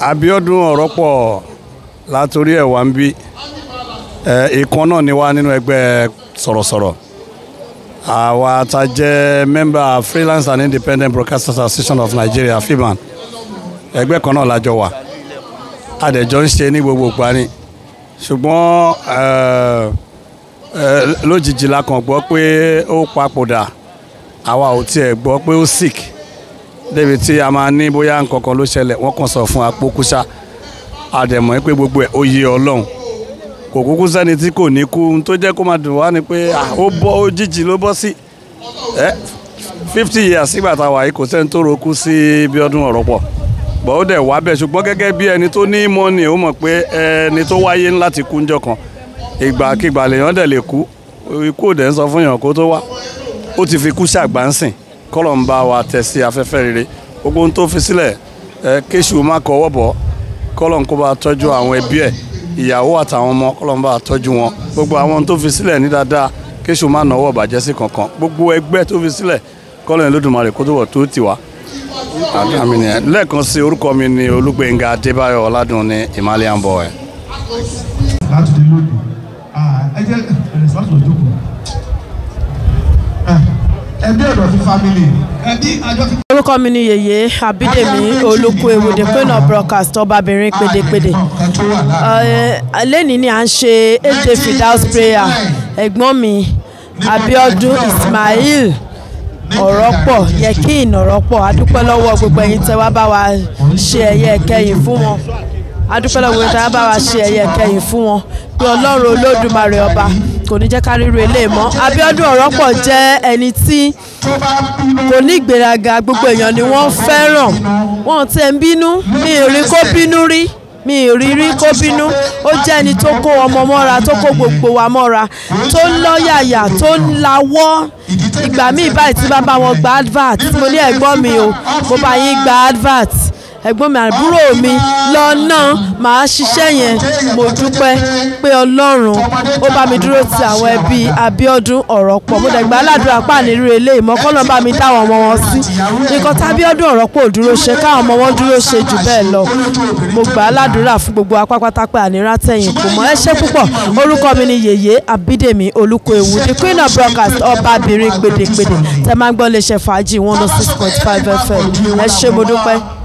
Abíọ́dún Ọ̀rọ́pọ̀ látòrí ẹ̀ wá ń bí ìkan náà ni wá nínú ẹgbẹ́ sọ̀rọ̀sọ̀rọ̀ àwa ta jẹ́ mẹ́mbà freelance and independent broadcasters association of Nigeria FIBAN ẹgbẹ́ kan náà lájọ wà àdẹ̀jọ́ ń ṣe ní gbogbo ìparí ṣùgbọ́n lójijì la kàn gbọ́ pé ó papòdà àwa ò tiẹ̀ gbọ́ pé sick débi tí a máa ní bóyá nkankan ló ṣẹlẹ̀ wọ́n kàn sọ fún apókúsá àdẹ̀mọ́ pé gbogbo ẹ̀ ó yé ọlọ́run kò kúkú sẹ́ni tí kò ní kú tó jẹ́ kó máa dùn wá ni pé ó bọ́ òjijì ló bọ́ sí ẹ́ fifty years sígbà tá a wà yìí kò sẹ́ni tó roku sí bí ọdún ọ̀rọ̀ pọ̀ bọ́ ó dẹ̀ wá bẹ̀ ṣùgbọ́n gẹ́gẹ́ bí ẹni tó ní ìmọ̀ ni ó mọ̀ pé ẹni tó wáyé ńlá ti kú ńjọ́ kan ìgbàkigbà lèèyàn dẹ̀ lè kú ikú ò ń sọ fún yàn kó tó wá ó ti fi kú ṣàgbáǹsìn kọ́lọ̀ǹba wa tẹ̀ sí afẹ́fẹ́ rere gbogbo ohun tó fi sílẹ̀ ẹ kéṣù má kọ ọwọ́ bọ̀ kọ́lọ̀ǹ kó bá tọ́jú àwọn ẹbí ẹ̀ ìyàwó àtàwọn ọmọ kọ́lọ̀ǹ bá tọ́jú wọn gbogbo àwọn tó fi sílẹ̀ ní dáadáa kéṣù má nọwọ́ bàjẹ́ sí kankan gbogbo ẹgbẹ́ tó fi sílẹ̀ kọ́lọ̀ǹ Olódùmarè kó tó tó tì wá. lẹ́ẹ̀kan sí orúkọ mi ni Olúgbénga Adébáyọ̀ Ọládùn ní Himalayan boy. láti dé lónìí ẹ jẹ́ ẹ̀rẹ̀ ẹbí ọ̀dọ̀ fi family. orúkọ mi ni yèyé abídèmí olókùewòde pẹ́nà broadcast ọbabìnrin pédépédé lẹ́nìí ni à ń ṣe eight day without prayer ẹ̀gbọ́n mi Abíọ́dún Ismail ọ̀rọ̀ pọ̀ yẹ kí ìnọ̀rọ̀ pọ̀ adúpẹ́ lọ́wọ́ gbogbo ẹ̀yin tẹ́ wá bá wa ṣe ẹ̀yẹ kẹyìn fún wọn adúpẹ́ lọ́wọ́ tẹ́ wá bá wa ṣe ẹ̀yẹ kẹyìn fún wọn pé Ọlọ́run Olódùmarè ọba kò ní jẹ́ ká ríro ilé mọ́ Abíọ́dún Ọ̀rọ́pọ̀ jẹ́ ẹni tí kò ní ìgbéraga gbogbo èèyàn ni wọ́n fẹ́ràn wọ́n tẹ̀ ń bínú mi ò rí kó bínú rí mi ò rí rí kó bínú ó jẹ́ ẹni tó kó ọmọ mọ́ra tó kó gbogbo wa mọ́ra tó lọ́yàyà tó lawọ́ ìgbà míì báyìí tí bá bá wọn gba advert mo ní ẹ̀gbọ́n mi o mo bá yín gba advert ẹ̀gbọ́n mi àbúrò mi lọ́nà màá ṣiṣẹ́ yẹn mo dúpẹ́ pé ọlọ́run ó bá mi dúró ti àwọn ẹbí Abíọ́dún Ọ̀rọ̀pọ̀ mo dẹ̀gbà aládùúrà pàníru eléyìí mọ́kànlá bá mi dáwọn ọmọ wọn sí nǹkan tábíọ́dún Ọ̀rọ̀pọ̀ ò dúró ṣe káwọn ọmọ wọn dúró ṣe jù bẹ́ẹ̀ lọ mo gbà aládùúrà fún gbogbo apápátá pé ànírà tẹ̀yìn kò mọ́ ẹ ṣé púpọ̀ orúkọ mi ni yèyé Abídèmí Olúkòewu the queen of broadcast ọba abirin gbèdégbèdé tẹ máa gbọ́ lè ṣe fàájì one oh six point five fm ẹ ṣé mo dúpẹ́.